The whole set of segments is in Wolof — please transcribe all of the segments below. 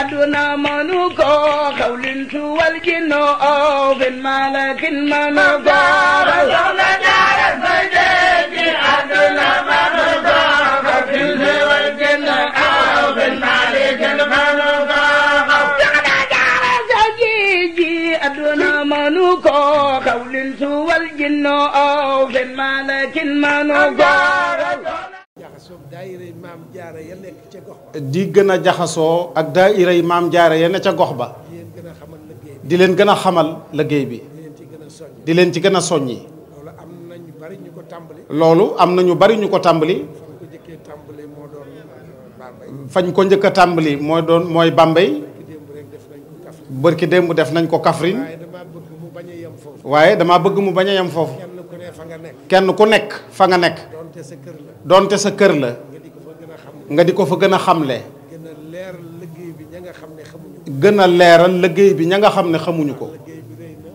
أتنا منوكو قول والجن أوف ملك منظار زونا دار الفجاج أتنا منوكو قول والجن أوف ملك منظار زونا دار الفجاج أتنا منوكو قول والجن أوف ملك منظار daayiray maam jaara ya nekk ca gox ba. di gën a jaxasoo ak daayiray maam jaara ya ne ca gox ba. di leen gën a xamal liggéey bi. di leen ci gën a soññi. loolu am na ñu bari ñu ko tàmbali. loolu am na ñu bari ñu ko tàmbali. fañ ko uh, njëkk a tàmbali mooy doon mooy Bambey. ki démb def nañ ko Kaffrine. bañ a yem waaye damaa bëgg mu bañ a yem foofu. kenn ku fa nga nekk. kenn ku nekk fa nga nekk. donte sa kër la. sa kër la. nga di ko fa gën a xamle. gën a leeral liggéey bi ña nga xam ne xamuñu ko. gën a leeral liggéey bi ña xam ne xamuñu ko.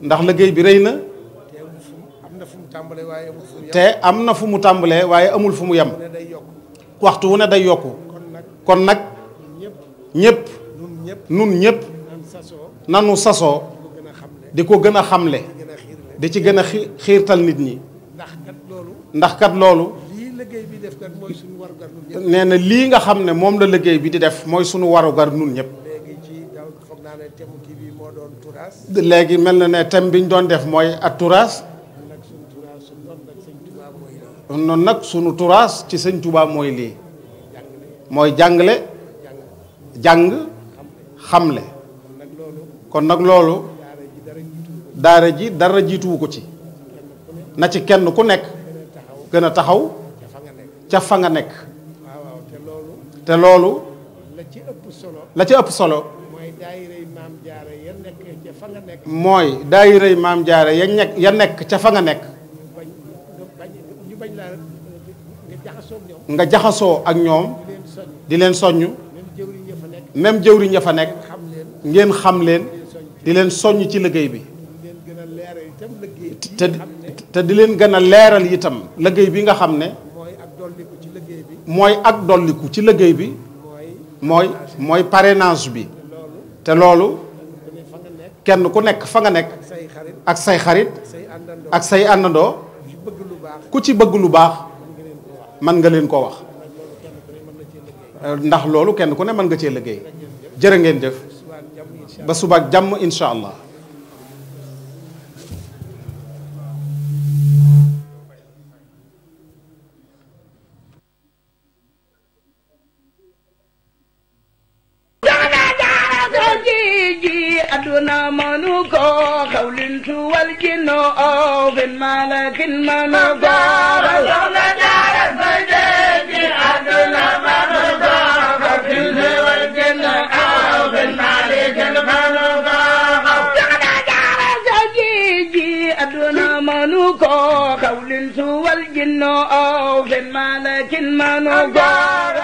ndax liggéey bi rëy na. te am na fu mu tàmbalee waaye amul fu mu yem. waxtu wu ne day yokku. kon nag ñëpp. ñun ñëpp. nanu sasoo. di ko gën a xamle di ci gën a xiirtal nit ñi ndax kat loolu nee na lii nga xam ne moom la liggéey bi di def mooy sunu warugar nun ñëpp léegi mel na ne thème bi ñu doon def mooy at turaas noonu nag sunu turaas ci sëñ tubaab mooy lii mooy jàngale jàng xamle kon nag loolu daara ji dara jiituwu ko ci na ci kenn ku nekk gën a taxaw ca fa nga nekk te loolu la ci ëpp solo mooy daayiray maam jaara ya nekk ya nekk ca fa nga nekk nga jaxasoo ak ñoom di leen soññ même jëwriñ ya fa nekk ngeen xam leen di leen soññ ci liggéey bi te di leen gën a leeral itam liggéey bi nga xam ne mooy ak dolliku ci liggéey bi mooy mooy parrainage bi te loolu kenn ku nekk fa nga nekk ak say xarit ak say àndandoo ku ci bëgg lu baax mën nga leen ko wax ndax loolu kenn ku ne mën nga cee liggéey jërë ngeen jëf ba subaak jàmm incha allah أمتنا منوكو خولنت والجنو في الملك منوكو منوكو خولنت والجنو في الملك منوكو